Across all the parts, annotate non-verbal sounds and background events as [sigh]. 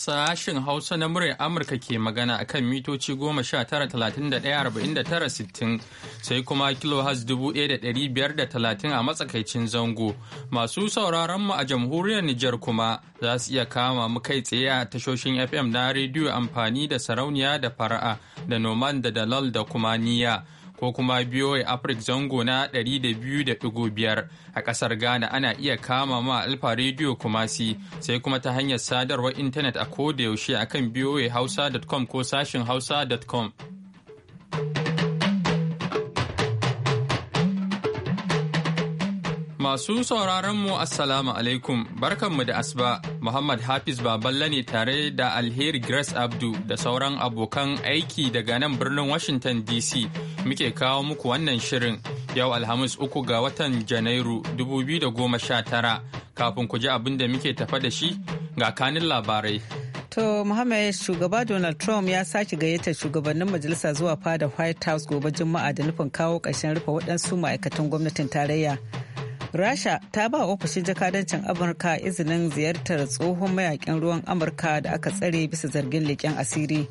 sashen Hausa na muryar Amurka ke magana a kan mitoci sittin sai kuma biyar da talatin a matsakaicin zango. Masu sauraron mu a jamhuriyar Nijar kuma za su iya kama mu kai tsaye a tashoshin FM na rediyo amfani da sarauniya da fara'a da noman da dalal da kuma niya. ko kuma BOA afrik zango na 200.5 a kasar Ghana ana iya kama ma Alfa Radio Kumasi sai kuma ta hanyar sadarwar intanet a koda yaushe akan hausa.com ko sashin hausa.com. Masu sauraron mu Assalamu alaikum, barkanmu da asuba, Muhammad Hafiz Baballe ne tare da Alheri Grace Abdu da sauran abokan aiki daga nan birnin Washington DC muke kawo muku wannan shirin yau Alhamis uku ga watan Janairu 2019 kafin ku ji abin da muke tafa da shi ga kanin labarai. To Muhammad shugaba Donald Trump ya sake gayyatar shugabannin majalisa zuwa fada White House gobe Juma'a da nufin kawo ƙarshen rufe waɗansu ma'aikatan gwamnatin tarayya. rasha ta ba ofishin jakadancin amurka izinin ziyartar tsohon mayakin ruwan amurka da aka tsare bisa zargin leƙen asiri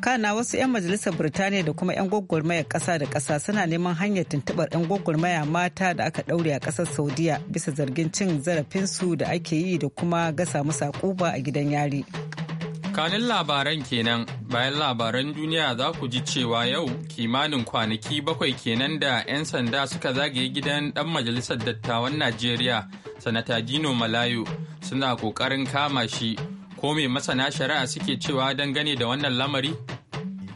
kana wasu 'yan majalisar birtaniya da kuma 'yan gwagwarmaya ƙasa da ƙasa suna neman hanyar tuntuɓar 'yan gwagwarmaya mata da aka ɗaure a ƙasar saudiya bisa zargin cin zarafinsu da ake yi da kuma gasa ƙuba a gidan yari. Kanin labaran kenan bayan labaran duniya za ku ji cewa yau kimanin kwanaki bakwai kenan da 'yan sanda suka zagaye gidan ɗan majalisar dattawan Najeriya, Sanata Dino Malayo, suna ƙoƙarin kama shi ko me masana shari'a suke cewa dangane da wannan lamari?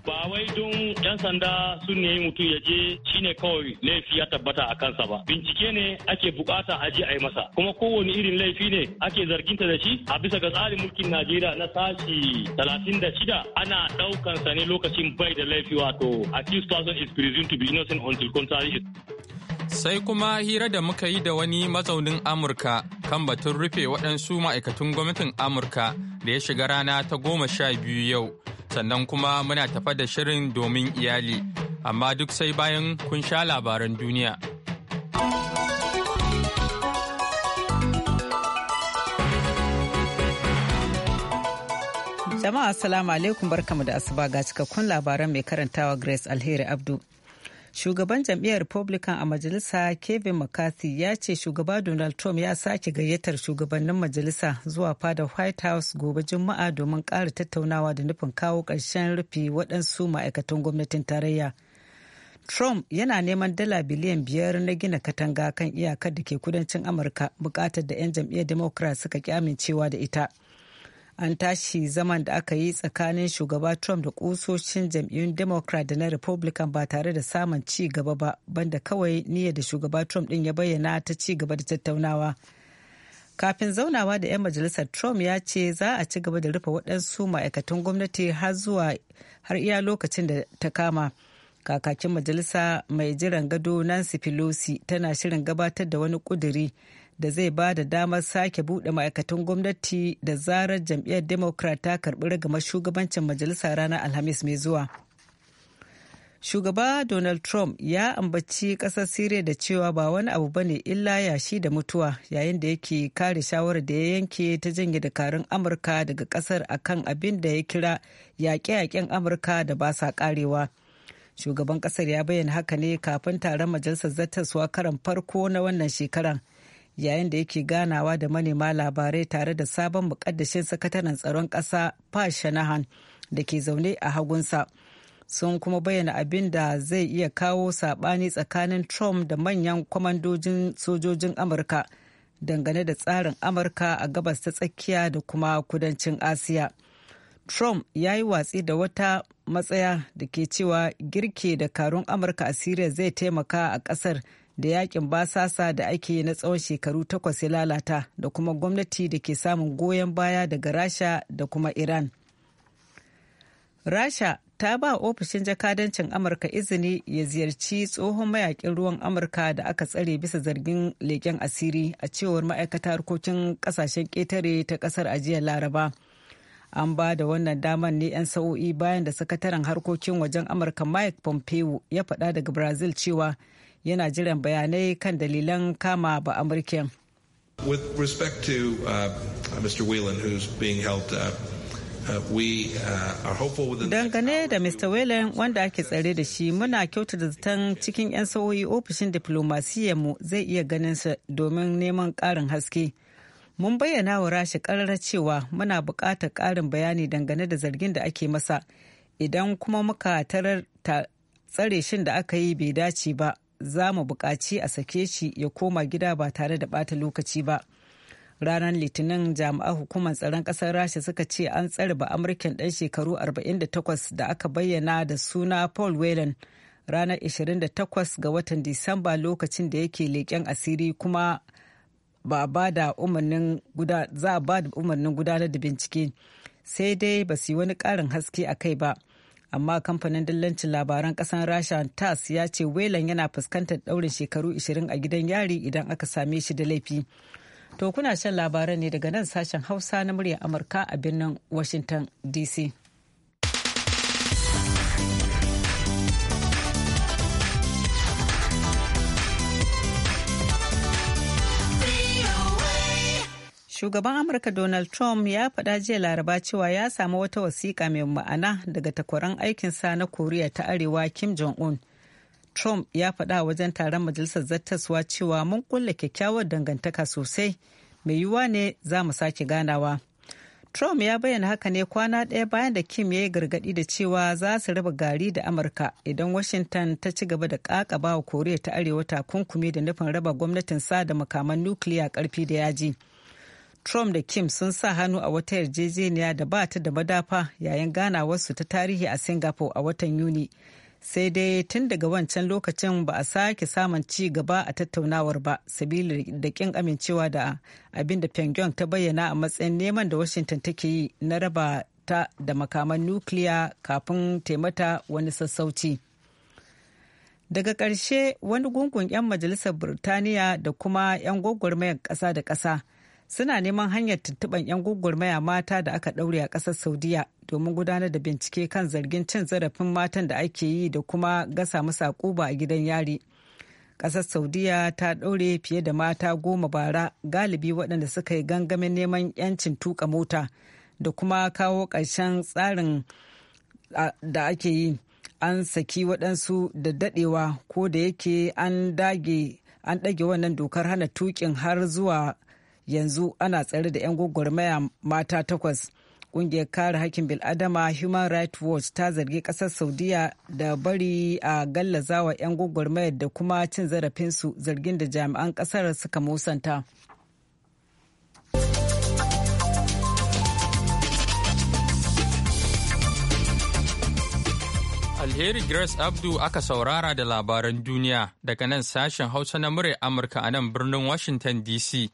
ba wai don yan sanda sun ne mutum ya je shine kawai laifi ya tabbata a kansa ba bincike ne ake bukata a je a yi masa kuma kowane irin laifi ne ake zarginta da shi a bisa ga tsarin mulkin najeriya na sashi talatin da shida ana daukan sa ne lokacin bai da laifi wato accused person is presumed to be innocent until contrary Sai kuma hira da muka yi da wani mazaunin Amurka kan batun rufe waɗansu ma'aikatun gwamnatin Amurka da ya shiga rana ta goma sha biyu yau. sannan kuma muna tafa da shirin domin iyali amma duk sai bayan kun sha labaran duniya. Jama'a salamu alaikum barkamu da asuba ga cikakkun labaran mai karantawa Grace Alheri Abdu. shugaban jam'iyyar republican a majalisa kevin mccarthy ya ce shugaba donald trump ya sake gayyatar shugabannin majalisa zuwa Fada white house gobe juma'a domin ƙara tattaunawa da nufin kawo ƙarshen rufe waɗansu ma'aikatan gwamnatin tarayya trump yana neman dala biliyan biyar na gina katanga kan iyakar da ke kudancin amurka bukatar da 'yan jam'iyyar democrat suka ki amincewa da ita an tashi zaman da aka yi tsakanin shugaba trump da kusoshin jam'iyyun democrat da na republican ba tare da samun ci gaba ba banda kawai niyyar da shugaba trump din ya bayyana ta ci gaba da tattaunawa kafin zaunawa da 'yan majalisar trump ya ce za a ci gaba da rufe waɗansu ma'aikatan gwamnati har zuwa har iya lokacin da ta kama kakakin majalisa mai jiran gado nancy pelosi tana shirin gabatar da wani ƙuduri da zai ba da damar sake buɗe ma'aikatan gwamnati da zarar jam'iyyar democrat ta karbi rigamar shugabancin majalisa ranar alhamis mai zuwa shugaba donald trump ya ambaci ƙasar siriya da cewa ba wani abu ba ne illa yashi da mutuwa yayin da yake kare shawarar da ya yanke ta janye dakarun amurka daga ƙasar akan abin da ya kira yaƙe-yaƙen amurka da ba sa ƙarewa. shugaban kasar ya bayyana haka ne kafin taron majalisar zattaswa karan farko na wannan shekaran yayin da yake ganawa da manema labarai tare da sabon mukaddashin sakataren tsaron ƙasa fashanahan da ke zaune a hagunsa sun kuma bayyana abin da zai iya kawo saɓani tsakanin trump da manyan kwamandojin sojojin amurka dangane da tsarin amurka a gabas ta tsakiya da kuma kudancin asiya trump ya yi watsi da wata matsaya da ke cewa girke da karun amurka a syria zai taimaka a ƙasar da yakin basasa da ake na tsawon shekaru takwas ya lalata da kuma gwamnati da ke samun goyon baya daga rasha da kuma iran rasha ta ba ofishin jakadancin amurka izini ya ziyarci tsohon mayakin ruwan amurka da aka tsare bisa zargin leƙen asiri a cewar ma'aikata harkokin ƙasashen ƙetare ta ƙasar ajiyar laraba an ba da wannan damar ne 'yan sa'o'i bayan da sakataren harkokin wajen amurka mike pompeo ya faɗa daga brazil cewa yana jiran bayanai kan dalilan kama ba amurken With respect to uh, Mr. Whelan, who's being held uh, uh, uh Dangane da Mr. Whelan wanda ake tsare da shi muna kyautata zaton cikin 'yan sauyi ofishin mu zai iya ganin sa domin neman ƙarin haske. Mun bayyana wa rashi ƙararra cewa muna buƙatar ƙarin bayani dangane da zargin da ake masa. Idan kuma muka tarar tsare shin da aka yi bai dace ba, za mu buƙaci a sake shi ya koma gida ba tare da bata lokaci ba ranar litinin jami'an hukumar tsaron ƙasar rasha suka ce an tsare ba amurken ɗan shekaru 48 da aka bayyana da suna paul whelan ranar 28 ga watan disamba lokacin da yake leƙen asiri kuma ba za a ba umarnin gudanar da bincike sai dai ba su yi wani ƙarin haske a kai ba. amma kamfanin dillancin labaran kasan rasha tas ya ce welan yana fuskantar daurin shekaru 20 a gidan yari idan aka same shi da laifi to kuna shan labaran ne daga nan sashen hausa na muryar amurka a birnin washington dc Shugaban Amurka Donald Trump ya faɗa jiya laraba cewa ya samu wata wasiƙa mai ma'ana daga takwaran aikinsa na Koriya ta Arewa Kim Jong-un. Trump ya faɗa wajen taron majalisar zattaswa cewa mun kulle kyakkyawar dangantaka sosai, mai yiwuwa ne za mu sake ganawa. Trump ya bayyana haka ne kwana ɗaya bayan da Kim ya yi gargaɗi da cewa za su raba gari da Amurka idan Washington ta ci gaba da ƙaƙabawa bawa Koriya ta Arewa takunkumi da nufin raba gwamnatin sa da makaman nukiliya ƙarfi da yaji. Trump da Kim sun sa hannu a wata yarjejeniya da ba ta da madafa yayin ganawarsu ta tarihi a Singapore a watan Yuni. Sai dai tun daga wancan lokacin ba a sake samun ci gaba a tattaunawar ba, sabili da kin amincewa da abin da Pyongyang ta bayyana a matsayin neman da Washington take yi na raba ta da makaman nukiliya kafin taimata wani sassauci. Daga ƙarshe wani gungun 'yan majalisar Burtaniya da kuma 'yan gwagwarmayar ƙasa da ƙasa. suna neman hanyar tuntuɓar 'yan gugurmaya mata da aka ɗaure a ƙasar saudiya domin gudanar da bincike kan zargin cin zarafin matan da ake yi da kuma gasa musu ƙuba a gidan yari ƙasar saudiya ta ɗaure fiye da mata goma bara galibi waɗanda suka yi gangamin neman 'yancin tuka mota da kuma kawo ƙarshen tsarin da ake yi an saki waɗansu da daɗewa ko da yake an dage wannan dokar hana tukin har zuwa yanzu ana tsare da 'yan gwagwarmaya mata takwas ƙungiyar kare hakkin bil'adama human rights watch ta zargi kasar saudiya da bari a gallazawa 'yan gwagwarmaya da kuma cin zarafinsu zargin da jami'an kasar suka musanta alheri grace abdu aka saurara da labaran duniya daga nan sashen hausa na murya amurka a nan birnin washington dc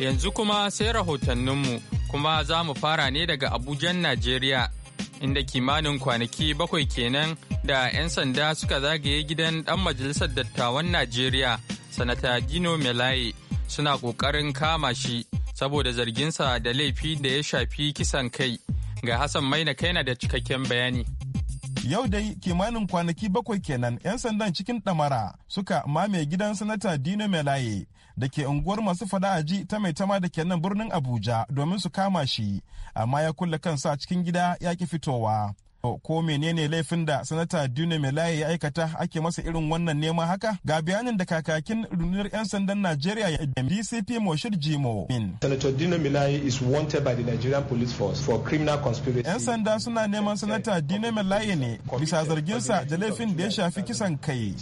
Yanzu kuma sai rahotanninmu kuma za mu fara ne daga Abujan Najeriya inda kimanin kwanaki bakwai kenan da 'yan sanda suka zagaye gidan ɗan majalisar dattawan Najeriya sanata Gino Melaye suna ƙoƙarin kama shi saboda zarginsa da laifi da ya shafi kisan kai ga Hassan Maina kaina da cikakken bayani. Yau dai kimanin kwanaki bakwai kenan 'yan sandan cikin ɗamara suka mame gidan sanata Dino Melaye da ke unguwar masu fada'aji ta mai tama da kenan birnin Abuja domin su kama shi, amma ya kulle kansa cikin gida ya ki fitowa. ko menene laifin da sanata dune melaye ya aikata ake masa irin wannan neman haka ga bayanin da kakakin rundunar 'yan sandan najeriya ya dcp moshir jimo senator dune melaye is wanted by the nigerian police force for criminal conspiracy 'yan sanda suna neman sanata dune melaye ne bisa zargin sa da laifin da ya shafi kisan kai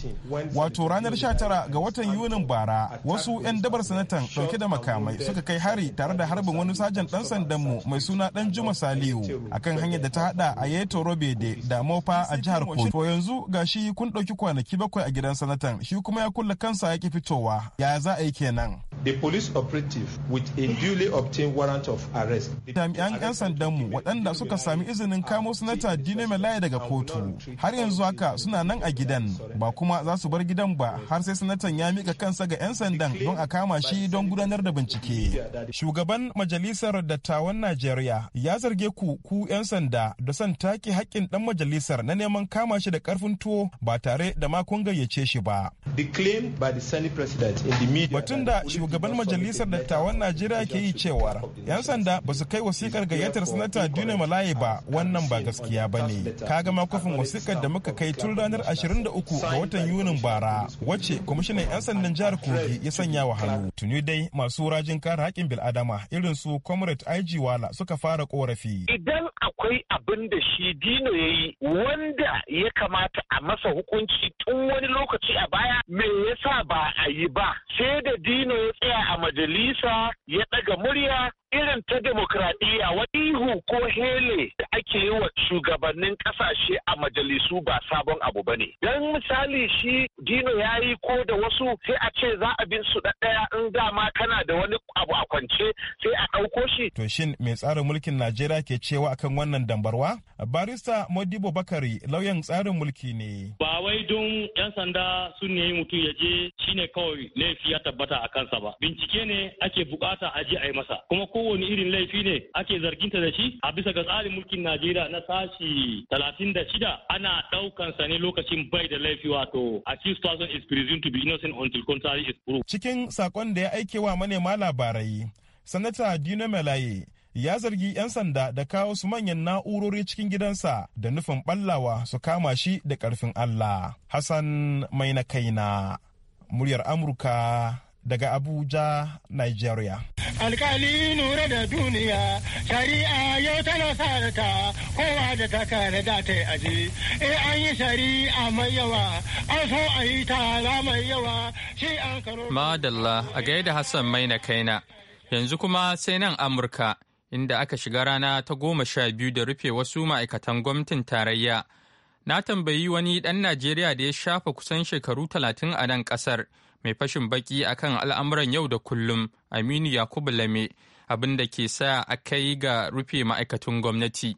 wato ranar 19 ga watan yunin bara wasu 'yan dabar sanatan dauke da makamai suka kai hari tare da harbin wani sajan dan sandan mu mai suna dan juma saliu akan hanyar da ta hada a yetoro Robede da Mofa a jihar Kogi. To yanzu gashi kun ɗauki kwanaki bakwai a gidan sanatan shi kuma ya kulle kansa yake fitowa. Ya za a yi kenan? The police operative with a duly obtained warrant of arrest. Jami'an 'yan sandan mu waɗanda suka sami izinin kamo sanata Dino Melaya daga kotu har yanzu haka suna nan a gidan ba kuma za su bar gidan ba har sai sanatan ya mika kansa ga 'yan sandan don a kama shi don gudanar da bincike. Shugaban Majalisar Dattawan Najeriya ya zarge ku ku 'yan sanda da son take haƙƙin ɗan majalisar na neman kama shi da ƙarfin tuwo ba tare da makon gayyace shi ba. the the by Batun da shugaban shugaban majalisar dattawan najeriya ke yi cewa yan sanda ba su kai wasikar gayyatar sanata dina malaye ba wannan ba gaskiya ba ne ka ma makofin wasikar da muka kai tun ranar 23 ga watan yunin bara wacce kwamishinan yan sandan jihar kogi ya sanya wa hannu tuni dai masu rajin kare haƙƙin bil'adama irin su comrade aiji wala suka fara korafi akwai abin da shi dino ya yi wanda ya kamata a masa hukunci tun wani lokaci a baya me yasa ba a yi ba sai da dino ya tsaya a majalisa ya ɗaga murya irin ta demokradiyya wani ihu ko hele da ake yi wa shugabannin kasashe a majalisu ba sabon abu ba ne. Don misali shi dino ya yi ko da wasu sai a ce za a bin su ɗaya in dama kana da wani abu a kwance sai a ɗauko shi. To shin mai tsarin mulkin Najeriya ke cewa akan wannan dambarwa? Barista Modibo Bakari lauyan tsarin mulki ne. Ba wai don 'yan sanda sun yi mutum ya je shine kawai laifi ya tabbata a kansa ba. Bincike ne ake bukata a je a yi masa. Kuma ko kowane irin laifi ne ake zarginta da shi a bisa ga tsarin mulkin Najeriya na sashi talatin da shida ana sa ne lokacin bai da laifi wato A cikin person is presumed to be innocent until contrary is proved. Cikin sakon da ya aike wa manema labarai, Sanata Dino Melaye ya zargi 'yan sanda da kawo su manyan na'urori cikin gidansa da nufin ɓallawa su kama shi da ƙarfin Allah. Hassan mai na kaina, muryar Amurka daga Abuja, Nigeria. Alkali nura da duniya, shari'a yau tana sa ta kowa da ta kare da ta aji. E an yi shari'a mai yawa, an so a yi tara mai yawa, shi an karo. Madalla a gaida Hassan Maina kaina. Yanzu kuma sai nan Amurka, inda aka shiga rana ta goma sha biyu da rufe wasu ma'aikatan gwamnatin tarayya. Na tambayi wani ɗan Najeriya da ya shafa kusan shekaru talatin a nan ƙasar. mai fashin baki akan al'amuran yau da kullum aminu yakubu lame abin da ke sa a kai ga rufe ma'aikatun gwamnati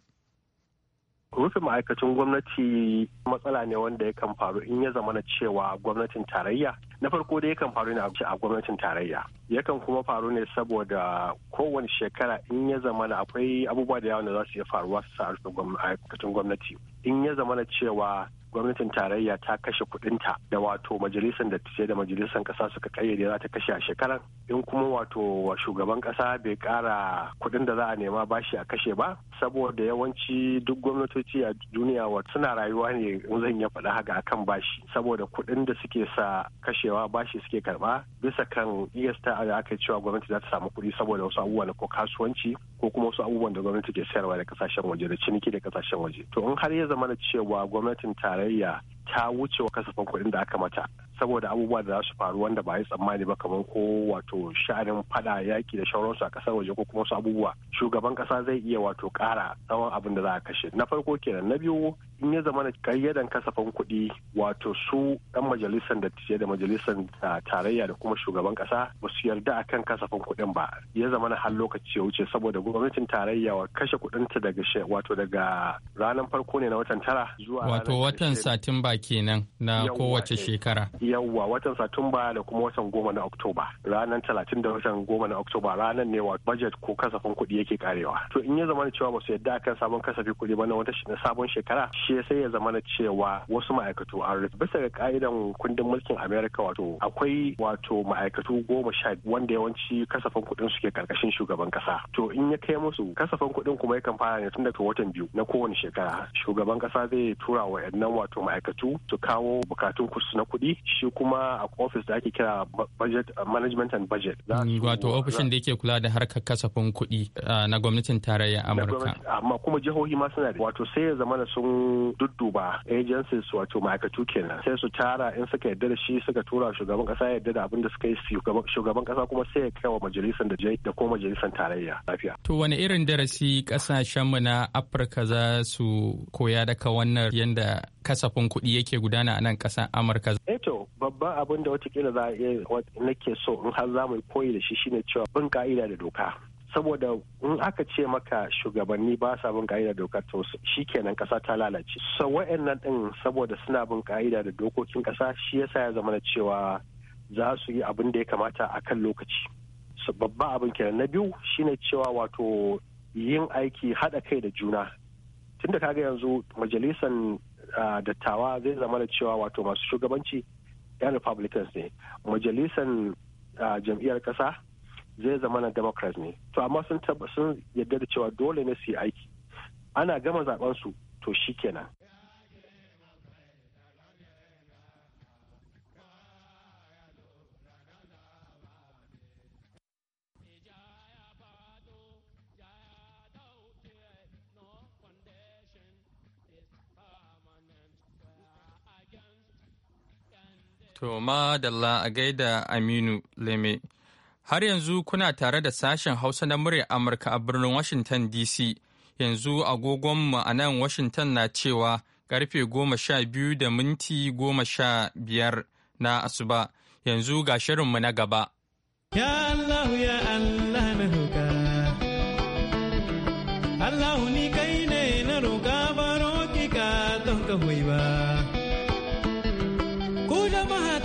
rufe ma'aikacin gwamnati matsala ne wanda yakan faru in ya zama cewa gwamnatin tarayya na farko da yakan faru ne a gwamnatin tarayya yakan kuma faru ne saboda kowane shekara in ya zama na akwai abubuwa da yawa da za su iya faruwa su sa rufe ma'aikacin gwamnati in ya zama na cewa gwamnatin tarayya ta kashe kudinta da wato majalisar da ce da majalisar kasa suka kayyade za ta kashe a shekaran in kuma wato shugaban kasa bai kara kudin da za a nema bashi a kashe ba saboda yawanci duk gwamnatoci a duniya wa suna rayuwa ne zan ya faɗa haka akan bashi saboda kuɗin da suke sa kashewa bashi suke karɓa bisa kan iyasta da aka cewa gwamnati za ta samu kuɗi saboda wasu abubuwan ko kasuwanci ko kuma wasu abubuwan da gwamnati ke sayarwa da kasashen waje da ciniki da kasashen waje to in har ya zama da cewa gwamnatin tarayya ta wuce wa kasafin kuɗin da aka mata saboda abubuwa da za su faru wanda ba yi tsammani ba kamar ko wato sha'anin fada yaƙi da shauransu a kasar waje ko kuma su abubuwa shugaban kasa zai iya wato kara tsawon abin da za a kashe na farko kenan na biyu in ya zama kayyadan kasafin kuɗi wato su ɗan majalisar da tijiya da majalisar ah, tarayya da kuma shugaban ƙasa ba su yarda a kan kasafin kuɗin ba ya zama na har lokaci ya wuce saboda gwamnatin tarayya wa kashe kuɗinta daga wato daga ranar farko ne na watan tara zuwa wato watan satumba kenan na kowace eh. shekara yawwa watan satumba da kuma watan goma na oktoba ranar talatin da watan goma na oktoba ranar ne wa budget ko kasafin kuɗi yake karewa to in ya zama cewa ba su yarda a kan sabon kasafin kuɗi ba na wata sabon shekara ƙarshe sai ya zamana cewa wasu ma'aikatu an rufe bisa ga ka'idan kundin mulkin america wato akwai wato ma'aikatu goma sha wanda yawanci kasafin kuɗin suke karkashin shugaban kasa to in ya kai musu kasafin kuɗin kuma yakan fara ne tun daga watan biyu na kowane shekara shugaban kasa zai tura wa yannan wato ma'aikatu su kawo bukatun kusu na kuɗi shi kuma a ofis da ake kira budget management and budget mm, wato ofishin da yake kula da harkar kasafin kuɗi ah, na gwamnatin tarayya amurka amma kuma jihohi ma suna da wato sai ya zamana sun dudduba agencies wato ma'aikatu kenan sai su tara in suka yarda da shi suka tura shugaban kasa yarda da abin da suka yi shugaban kasa kuma sai ya kai wa majalisar da jai da kuma majalisar tarayya lafiya. To wani irin darasi kasashen kasashenmu na Afirka za su koya daga wannan yanda kasafin kuɗi yake gudana a nan ƙasar Amurka. Eto eh babban abin da watakila za a iya nake so in har za mu koyi da shi shine cewa bin ka'ida da doka. saboda in aka ce maka shugabanni ba sa bin ka'ida da doka to kenan kasa ta lalace so wa'annan din saboda suna bin ka'ida da dokokin kasa shi yasa ya zama cewa za su yi abin da ya kamata a kan lokaci babban abin kenan na biyu shine cewa wato yin aiki haɗa kai da juna tunda kaga yanzu majalisan dattawa zai zama da cewa wato masu shugabanci 'yan republicans ne majalisan jam'iyyar kasa zai zama na democrat ne to amma sun taba sun yadda da cewa dole ne su yi aiki ana gama zaben su to shikenan To ma dalla a gaida Aminu Leme. Har yanzu kuna tare da sashen Hausa na murya Amurka a birnin Washington DC. Yanzu agogonmu a nan Washington na cewa karfe goma sha biyu da minti goma sha biyar na asuba. Yanzu ga shirinmu na gaba. Ya Allah ya Allah na roƙa. Allah ni kai ne na roƙa baro ki ka don ka ba. Ku jama'a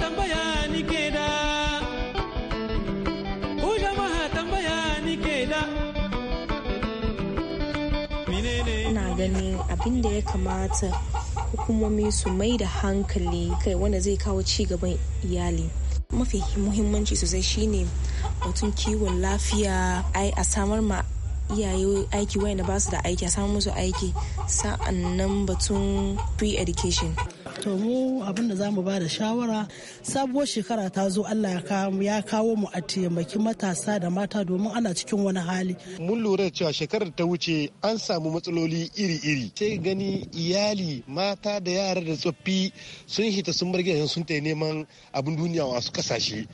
ganin abin da ya kamata hukumomi su mai da hankali kai wanda zai kawo ci gaban iyali mafi muhimmanci sosai shine batun kiwon lafiya ai a samar ma iyaye aiki wayanda ba su da aiki a samu musu aiki sa'annan batun free education to mu abin da zamu mu ba da shawara sabuwar shekara ta zo allah ya kawo mu a taimaki matasa da mata domin ana cikin wani hali mun lura da cewa shekarar ta wuce an samu matsaloli iri-iri sai gani iyali mata da yara da tsoffi sun hita sun bar gidajen sun ta neman abin duniya wasu kasashe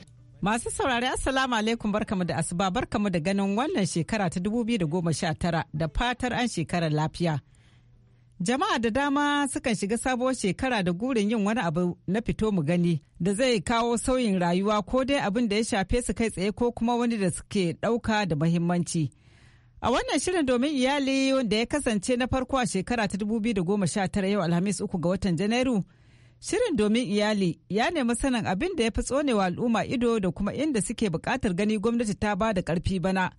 Masu saurari Assalamu alaikum barkamu da asuba barkamu da ganin wannan shekara ta 2019 da fatar an shekarar lafiya. Jama'a da dama sukan shiga sabuwar shekara da gurin yin wani abu na fito mu gani da zai kawo sauyin rayuwa ko dai abin da ya shafe su kai tsaye ko kuma wani da suke ɗauka da muhimmanci. A wannan shirin domin iyali da ya kasance na farko a shekara ta 2019 yau Alhamis uku ga watan Janairu. Shirin domin iyali ya nemi sanin abin da ya fi tsonewa al'umma ido da kuma inda suke bukatar gani gwamnati ta ba da ƙarfi bana.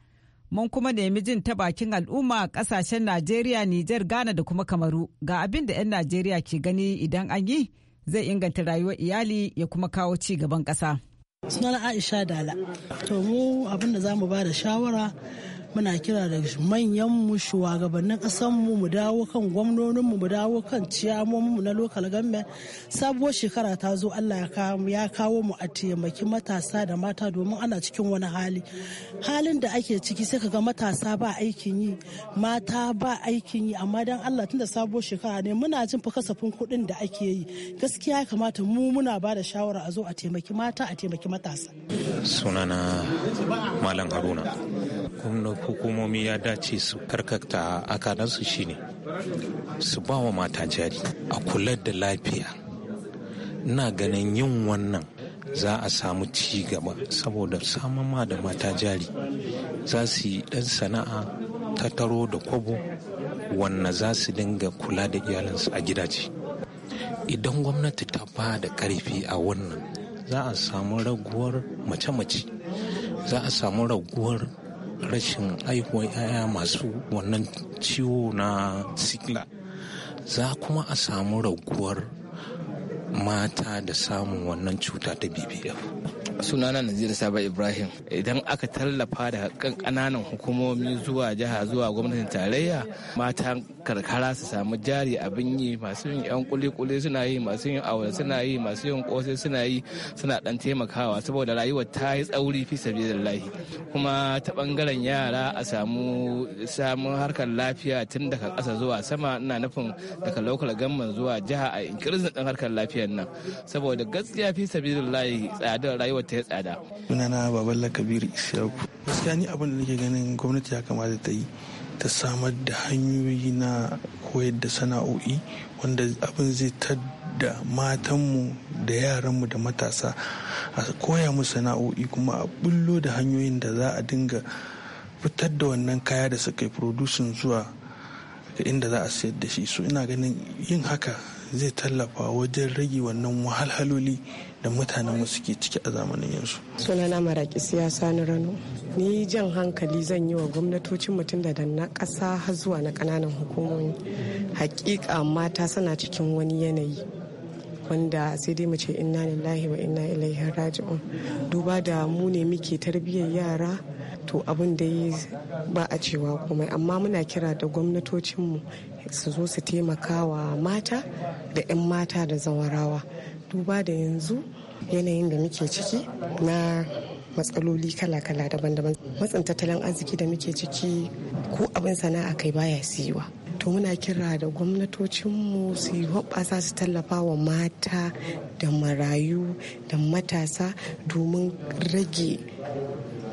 Mun kuma nemi jin ta bakin al'umma kasashen ƙasashen Najeriya, Nijar, Ghana da kuma Kamaru ga abin da 'yan Najeriya ke gani idan an yi zai inganta rayuwar iyali ya kuma kawo ci gaban ƙasa. Sunana Aisha Dala. To mu abin da za mu ba da shawara muna kira da manyan mu shugabannin kasan mu mu dawo kan gwamnonin mu mu dawo kan mu na lokal government sabuwar shekara ta zo allah ya kawo mu a taimaki matasa da mata domin ana cikin wani hali halin da ake ciki sai ka ga matasa ba aikin yi mata ba aikin yi amma dan allah tunda sabuwar shekara ne muna jin fa kasafin kuɗin da ake yi gaskiya ya kamata mu muna ba da shawara a zo a taimaki mata a taimaki matasa sunana malam haruna hukumomi ya dace su karkata akalansu shine su ba wa mata jari a kula da lafiya na ganin yin wannan za a samu ci gaba saboda samun ma da mata jari za su yi ɗan sana'a ta taro da kwabo wanne za su dinga kula da iyalinsu a gidaje idan gwamnati ta ba da ƙarfi a wannan za a samu raguwar mace-mace za a samu raguwar rashin haihuwar 'ya'ya masu wannan ciwo na sigla za kuma a samu raguwar mata da samun wannan cuta ta bbf sunana Najeriya Sabo Ibrahim idan aka tallafa da kananan hukumomi zuwa jiha zuwa gwamnatin tarayya mata karkara su samu jari abin yi masu yin yan kuli-kuli suna yi masu yin aure suna yi masu yin kosai suna yi suna dan taimakawa saboda rayuwar ta yi tsauri fi lahi kuma ta bangaren yara a samu samun harkar lafiya tun daga ƙasa zuwa sama ina nufin daga local government zuwa jiha a inkirzin harkar lafiyar nan saboda gaskiya fi lahi tsadar rayuwar ta yi tsada. Sunana Baballa Kabiru Isiyaku. Gaskiya ni abin da nake ganin gwamnati ya kamata ta yi ta samar da hanyoyi na koyar da sana'o'i wanda abin zai da matanmu da yaranmu da matasa a koya mu sana'o'i kuma a bullo da hanyoyin da za a dinga fitar da wannan kaya da suka yi producing zuwa inda za a sayar da shi so ina ganin yin haka zai tallafa wajen rage wannan wahalhaloli da mutanen mu ke ciki a zamanin yanzu. sunana maraƙi siyasa na rano ni jan hankali zan yi wa gwamnatocin mutum da na ƙasa har zuwa na ƙananan hukumomi hakika mata sana cikin wani yanayi wanda sai dai mu ce inna lillahi wa inna ilaihi raji'un duba da mu ne muke tarbiyyar yara to abin da yi ba a cewa komai amma muna kira da gwamnatocinmu su zo su taimakawa mata da 'yan mata da zawarawa duba da yanzu yanayin da muke ciki na matsaloli kala-kala daban-daban matsin tattalin arziki da muke ciki ko abin sana'a kai baya siyuwa to muna kira da gwamnatocinmu su yi hoɓasa su tallafa wa mata da marayu da matasa domin rage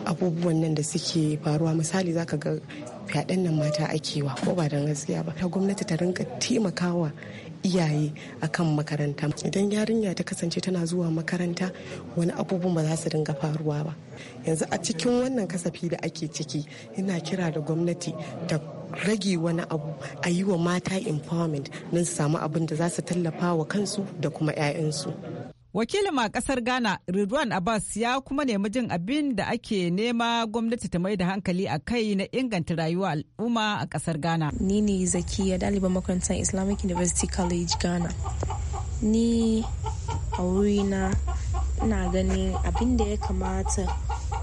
abubuwan nan da suke faruwa misali zaka ga fyaɗen nan mata ake wa ko ba da gaskiya ba ta gwamnati ta rinka taimakawa iyaye a kan makaranta idan yarinya ta kasance tana zuwa makaranta wani abubuwan ba za su dinga faruwa ba yanzu a cikin wannan kasafi da ake ciki ina kira da gwamnati ta rage wani abu a yi wa mata empowerment don su samu abin da za su tallafa wa kansu da kuma 'ya'yansu Wakilin a kasar Ghana Ridwan Abbas ya kuma nemi jin abin da ake nema gwamnati ta mai da hankali a kai na inganta rayuwa al'umma a kasar Ghana. Ni ne Zakiya ɗaliban makarantar Islamic University College Ghana. Ni a wurina ina ganin abin da ya kamata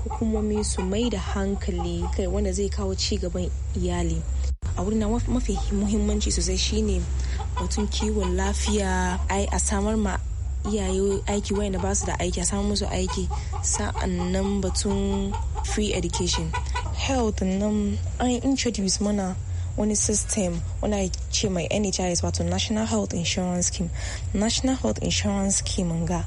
hukumomi su mai da hankali kai wanda zai kawo ci gaban iyali. A wurina mafi muhimmanci sosai shine mutum kiwon lafiya ai a samar ma iyaye aiki wayanda ba su da aiki a samu musu aiki sa'annan batun free education health nan an introduce mana wani system wanda ce mai nhis wato national health insurance scheme national health insurance scheme ga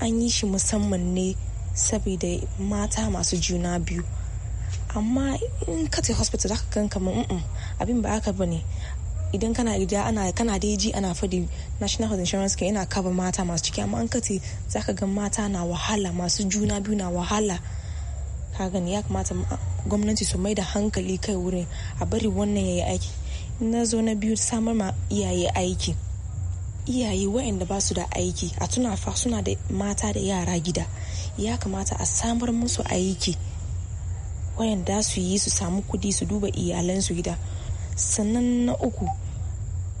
an yi shi musamman ne saboda mata masu juna biyu amma in ka hospital za ka gan kamar abin ba aka bane idan kana gida ana kana da ji ana fadi national health insurance care yana kaba mata masu ciki amma an kace zaka ga mata na wahala masu juna biyu na wahala ka gani ya kamata gwamnati su mai da hankali kai wurin a bari wannan yayi aiki na zo na biyu samar ma iyaye aiki iyaye waɗanda ba su da aiki a tuna fa suna da mata da yara gida ya kamata a samar musu aiki wa'anda su yi su samu kudi su duba iyalansu gida sannan na uku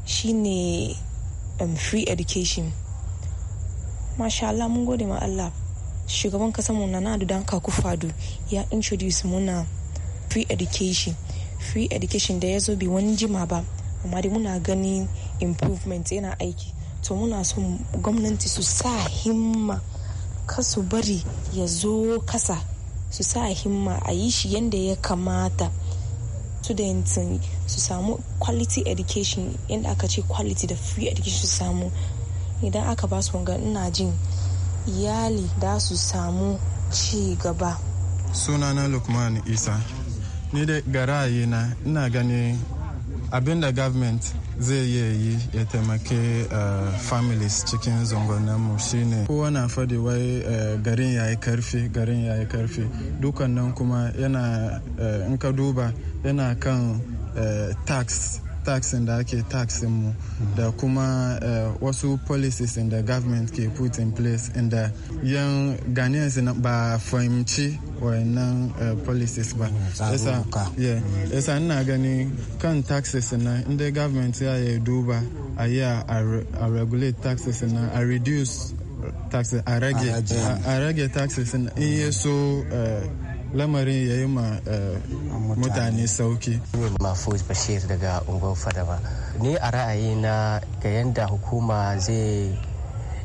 shine um, free education masha mun gode ma Allah shugaban mu na nadu dan kakufadu ya introduce muna free education free education da ya zo bi wani jima ba amma dai muna gani improvement yana aiki to muna son gwamnati su sa himma kasu bari ya zo kasa su sa himma a yi shi yadda ya kamata students su samu quality education inda aka ce quality da free education su samu idan aka ba su wanga ina jin iyali da su samu ci gaba sunana lukman isa ni da ga ra'ayina ina ganin abin da government zai iya yi ya taimake eh, families cikin mu shine kowa na faɗi wai eh, garin ya yi karfi garin ya yi karfi dukannan kuma yana eh, in ka duba yana kan tax taxin da ake taxin mu da kuma eh, wasu policies da government ke put in place inda yan ghanaians na ba fahimci wayannan eh, policies ba mm, yasa ina gani kan taxes na inda government ya yi duba a yi a regulate taxes na a reduce taxes a rage taxes in iye so eh, lamarin ya yi ma eh, mutane sauki. ne mafuz bashir daga unguwar fadama ni a ra'ayi na ga yadda hukuma zai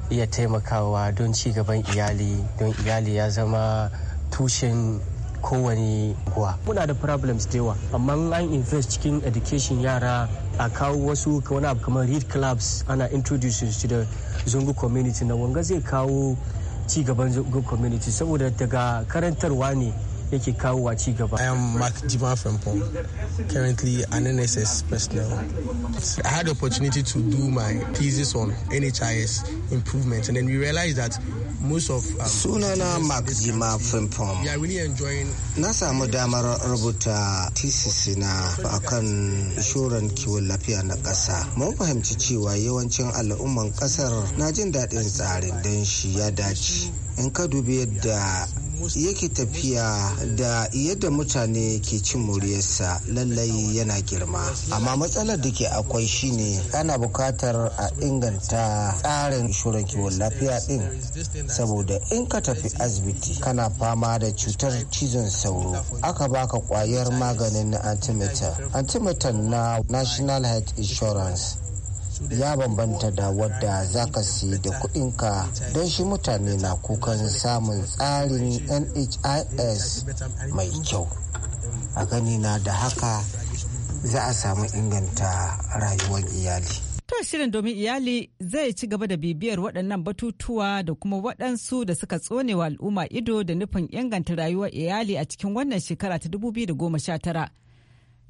iya taimakawa don ci gaban iyali don iyali ya zama tushen kowane guwa. Muna da problems da yawa, amma an invest cikin education yara a kawo wasu wani abu kamar read clubs ana introducing su da zungu community na wanga zai kawo ci gaban zungu community saboda daga karantarwa ne yake kawo wa ci gaba. I am Mark Jima Fempon, currently an NSS personnel. I had the opportunity to do my thesis on NHIS improvement and then we realized that most of um, sunana Mark Jima Fempon. really enjoying na samu damar rubuta thesis na akan shoran kiwon lafiya na ƙasa. Mun fahimci cewa yawancin al'umman ƙasar na jin daɗin tsarin don shi ya dace. in ka dubi yadda yake tafiya da yadda mutane ke cin muryarsa lallai yana girma amma matsalar da ke akwai shine ana bukatar a inganta tsarin inshoran kiwon lafiya din saboda in ka tafi asibiti kana fama da cutar cizon sauro aka baka kwayar maganin antimeter antimeter na national health insurance ya bambanta da wadda za ka siyi da kudinka don shi mutane na kukan samun tsarin nhis mai kyau a ganina da haka za a samu inganta rayuwar iyali To shirin domin iyali zai ci gaba da bibiyar waɗannan batutuwa da kuma waɗansu da suka tsone wa al'umma ido da nufin inganta rayuwar iyali a cikin wannan shekara ta 2019.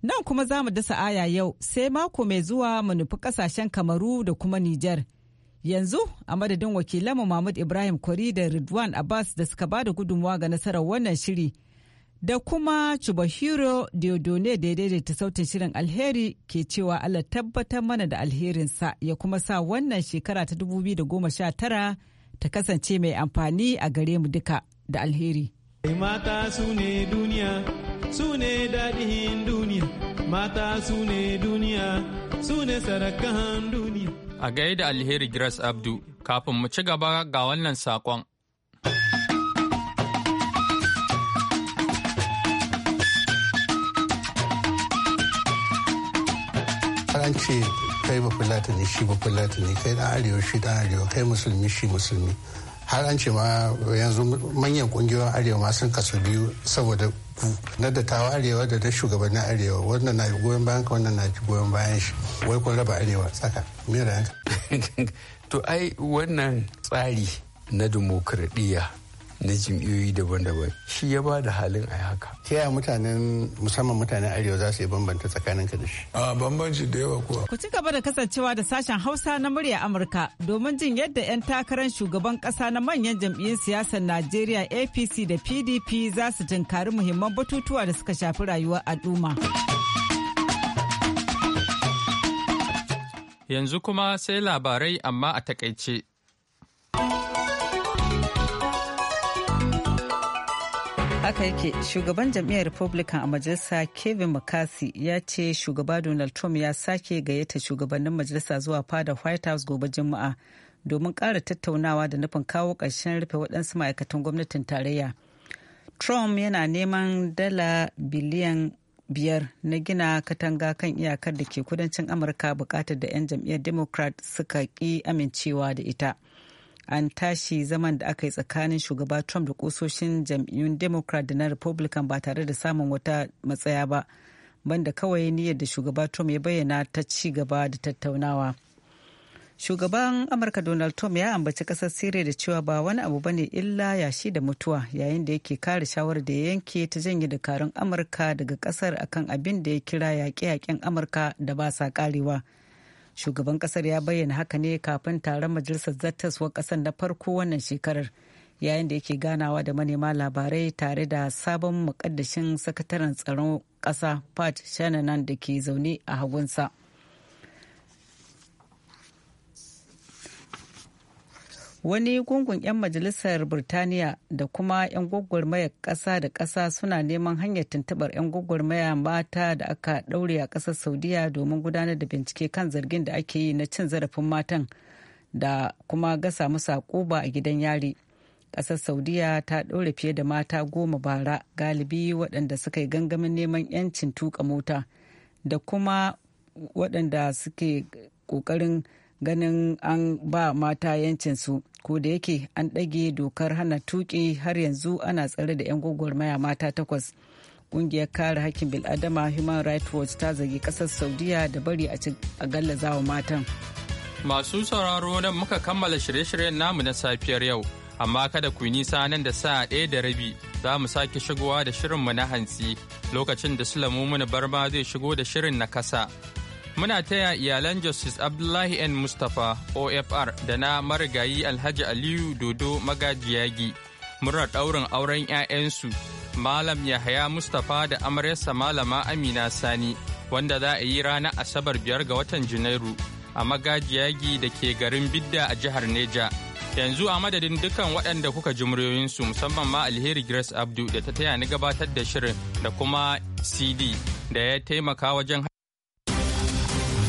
Nan kuma za mu dasa aya yau sai mako mai zuwa mu nufi kasashen Kamaru da kuma Nijar. Yanzu a madadin wakilanmu Mahmud Ibrahim Kwari da Ridwan Abbas da suka ba da gudunmawa ga nasarar wannan shiri. Da kuma Chubahiro Diodone da ya daidaita sautin shirin alheri ke cewa Allah tabbatar mana da alherinsa ya kuma sa wannan shekara ta dubu da sha tara ta kasance mai amfani a gare mu duka da alheri. Mata su ne duniya su ne daɗin duniya mata su ne duniya su ne sarakan duniya a gaida alheri grace abdu kafin mu ci gaba ga wannan saƙon an ce kai ba fulatani shi ba fulatani kai dan arewa shi dan arewa kai musulmi shi musulmi har an ce ma yanzu manyan kungiyoyin arewa ma sun kasu biyu saboda ku na dattawa arewa da na shugabannin arewa wannan na goyon bayan ka wannan na goyon bayan shi wai kun raba arewa tsaka mera [laughs] to ai wannan tsari na dimokuraɗiyya na jam'iyyoyi daban-daban shi ya ba da halin a haka. ta yaya mutanen musamman mutanen arewa za su yi bambanta tsakanin ka da shi. a bambanci da yawa kuwa. ku ci gaba da kasancewa da sashen hausa na murya amurka domin jin yadda 'yan takarar shugaban kasa na manyan jam'iyyun siyasar najeriya apc da pdp za su tunkari muhimman batutuwa da suka shafi rayuwar al'umma. yanzu kuma sai labarai amma a takaice. haka yake shugaban jam'iyyar republican a majalisa kevin mccarthy ya ce shugaba donald trump ya sake gayyata shugabannin majalisa zuwa fada white house gobe juma'a domin kara tattaunawa da nufin kawo karshen rufe waɗansu ma'aikatan gwamnatin tarayya trump yana neman dala biliyan biyar na gina katanga kan iyakar da ke kudancin amurka bukatar da 'yan jam'iyyar democrat suka ƙi amincewa da ita an tashi zaman da aka yi tsakanin shugaba trump da kusoshin jam'iyyun democrat da na republican ba tare da samun wata matsaya ba banda kawai niyyar da shugaba trump ya bayyana ta ci gaba da tattaunawa shugaban amurka donald trump ya ambaci kasar siriya da cewa ba wani abu bane illa yashi da mutuwa yayin da yake kare shawarar da ya yanke ta janye dakarun amurka daga kasar akan abin da ya kira yaƙe-yaƙen amurka da ba sa karewa. shugaban kasar ya bayyana haka ne kafin taron majalisar zattaswar kasar na farko wannan shekarar yayin da yake ganawa da manema labarai tare da sabon mukaddashin sakataren tsaron kasa pat shananan da ke zaune a hagunsa wani gungun 'yan majalisar birtaniya da kuma 'yan gwagwarmaya ƙasa da ƙasa suna neman hanyar tuntubar 'yan gwagwarmaya mata da aka ɗaure a ƙasar saudiya domin gudanar da bincike kan zargin da ake yi na cin zarafin matan da kuma gasa musu ƙuba a gidan yari ƙasar saudiya ta ɗaure fiye da mata goma bara galibi waɗanda suka yi gangamin neman 'yancin tuka mota da kuma waɗanda suke ƙoƙarin ganin an ba mata yancinsu ko da yake an ɗage dokar hana tuƙi har yanzu ana tsare da 'yan maya mata takwas ƙungiyar kare hakkin bil'adama human rights watch ta zagi ƙasar saudiya da bari a gallaza wa matan masu sauraro nan muka kammala shirye-shiryen namu na safiyar yau amma kada ku nisa nan da sa'a ɗaya da rabi za mu sake shigowa da shirin mu na hantsi lokacin da sulamu mini barma zai shigo da shirin na kasa Muna taya iyalan Justice Abdullahi N. Mustapha OFR da na marigayi Alhaji Aliyu Dodo Magajiyagi murnar ɗaurin auren 'ya'yansu Malam Yahaya Mustapha da amaryarsa Malama Amina Sani wanda za a yi ranar Asabar biyar ga watan Janairu a Magajiyagi da ke garin Bidda a jihar Neja. Yanzu a madadin dukan waɗanda kuka ji musamman ma Alheri Grace Abdu da ta taya ni gabatar da shirin da kuma CD da ya taimaka wajen